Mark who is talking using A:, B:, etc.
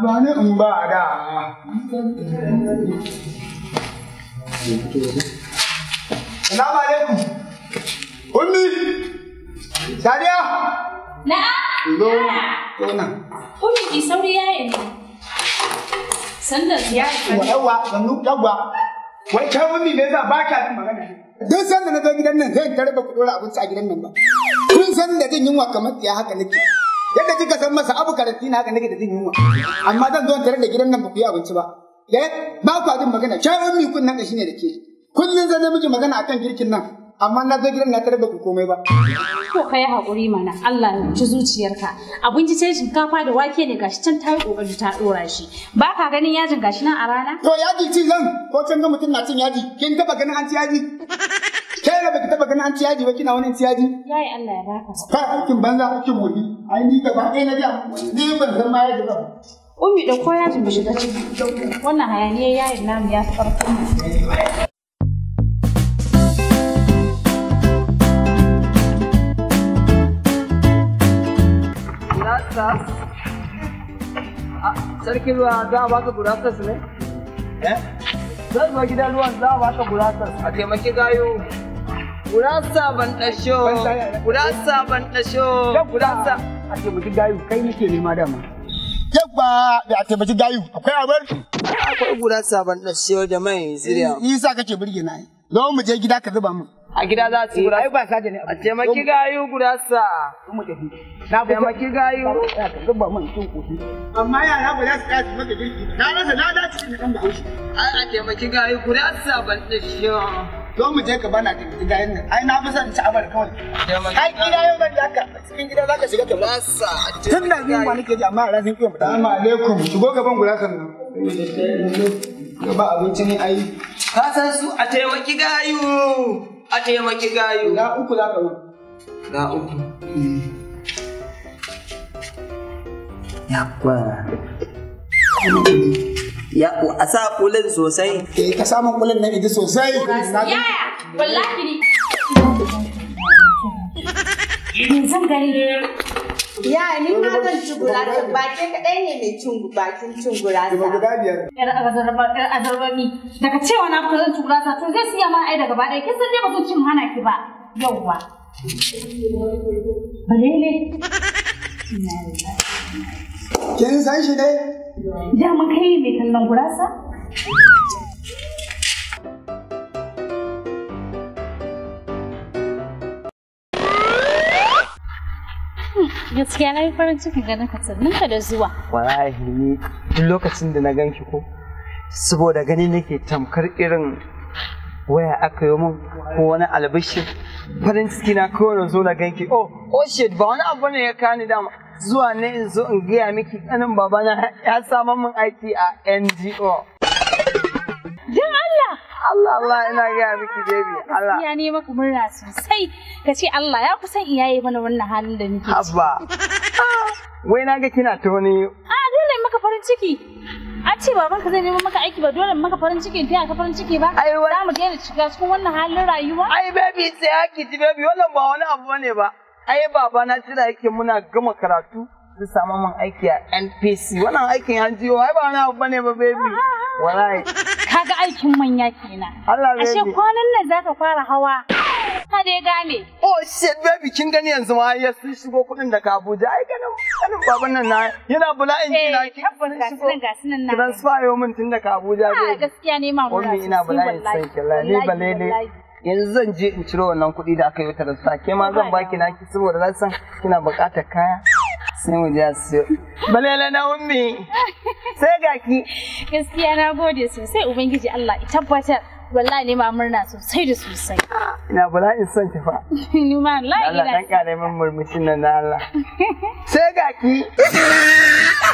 A: ba ni in ba a da Salamu alaikum. Ummi. Sadiya. Na'am. Zo. Zauna. Ummi ki sauri yaye ne. Sannan ya yi. Yawa, zannu, yawa. Wai kai ummi me yasa ba ka jin magana? Duk sanda na zo gidan nan zan tarba ku dora abinci a gidan nan ba. Kun san da jin yunwa kamar ya haka nake. yadda kika san masa abu karanti na haka nake da jin yunwa amma zan zo tare da gidan nan ba ku yi abinci ba eh ba ku jin magana shayin mi kun nan da shine da ke kullun zan miki magana akan girkin nan amma na zo gidan na tare da ku komai ba ko kai hakuri mana Allah ya ci zuciyarka abinci ce shinkafa da wake ne gashi can tayi kokari ta dora shi ba ka ganin yajin gashi nan a rana to yaji ci zan ko can ga mutum na cin yaji kin taba ganin an ci yaji Kera da baki taba ganin an ci yaji ba kina wani ci yaji? Yayi Allah ya baka. Ka kin banza kin wuri. Ai ni ka ba kai na ji Ni ban san ma yaji ba. Ummi da ko yaji bi shiga ciki. Wannan hayaniya yayin namu ya farko. Ah, sarki ruwa za a baka gurasas ne? Eh? Zan zo gidan ruwan za a baka gurasas. A taimaki gayo. Gurasa ban ɗasho. Gurasa ban ɗasho. Gurasa. A taimaki gayu kai nake nema dama. Yabba da a taimaki gayu akwai abar. Akwai gurasa ban ɗasho da mai ziriya. Eh, isa kake burge na yi. Zo mu je gida ka zuba mu. A gida za su gurasa. Eh, ba saje ne. A taimaki gayu gurasa. Mu tafi. Na fi taimaki gayu. Ka zuba mun cin kofi. Amma yara ba za su tsaya su maka girki. Na rasa na dace ne kan bahaushe. a taimaki gayu gurasa ban ɗasho. zo mu je ka bana ka gida yin nan ai na fi son ci abar kawai ai gida yau ban da haka cikin gida zaka shiga ka masa tun da ni ma nake ji amma a rasin kiyon fita assalamu alaikum shigo gaban guda kan nan gaba abinci ne ai ka san su a taimaki gayu a taimaki gayu na uku zaka wani na uku yakwa ya a sa kulin sosai eh ka samun kulin nan idi sosai yaya wallahi ni yanzu gani Ya ni ma zan ci gurasa bakin kaɗai ne mai cin bakin cin gurasa. Ba guda biyar. azarba mi daga cewa na fita zan gurasa to zai siya mana ai daga ba kin san dai ba zan cin hana ki ba yauwa. Balele. Kin san shi ne? Dama kai mai kallon gurasa? gaskiya na yi farin ciki ganin ka sannin ka da zuwa. Wallahi ni duk lokacin da na ganki ko saboda gani nake tamkar irin waya aka yi min ko wani albishin farin ciki na kawai na zo na ganki oh oh shit ba wani abu ne ya kani dama zuwa ne in zo in gaya miki kanin babana ya samu min aiki a NGO. Jin Allah! Allah Allah ina gaya miki baby Allah. Ya ne maka murna sosai ka ce Allah ya kusan iyaye mana wannan halin da nake. Abba. Wai na ga kina ta wani. A dole maka farin ciki. A ce babanka zai nemo maka aiki ba dole maka farin ciki taya ka farin ciki ba. Ai wai. Za mu daina shiga cikin wannan halin rayuwa. Ai baby sai ki ji baby wannan ba wani abu bane ba. ai babana tana yake muna gama karatu zai samu min aiki a NPC wannan aikin hanjiyo ai ba wani abu bane ba baby wallahi kaga aikin manya kenan Allah baby ashe kwanan nan zaka fara hawa ka dai gane oh shit baby kin gani yanzu ma ya sun shigo kudin da ka Abuja ai ganin ganin baban nan na yana bula'in ji na kin eh, shigo ga sunan na transfer yo min tun da ka Abuja ah, baby gaskiya ne ma mura ina bula'in sai killa ni balele yanzu zan je in ciro wannan kuɗi da aka yi wata rasa ke ma zan baki naki saboda na san kina buƙatar kaya sai mu je siyo balele na ummi sai ga ki gaskiya na gode sosai ubangiji Allah ya tabbatar wallahi ne ma murna sosai da sosai ina bala'in son ki fa ni ma wallahi ina Allah dan ne min murmushin nan na Allah sai ga ki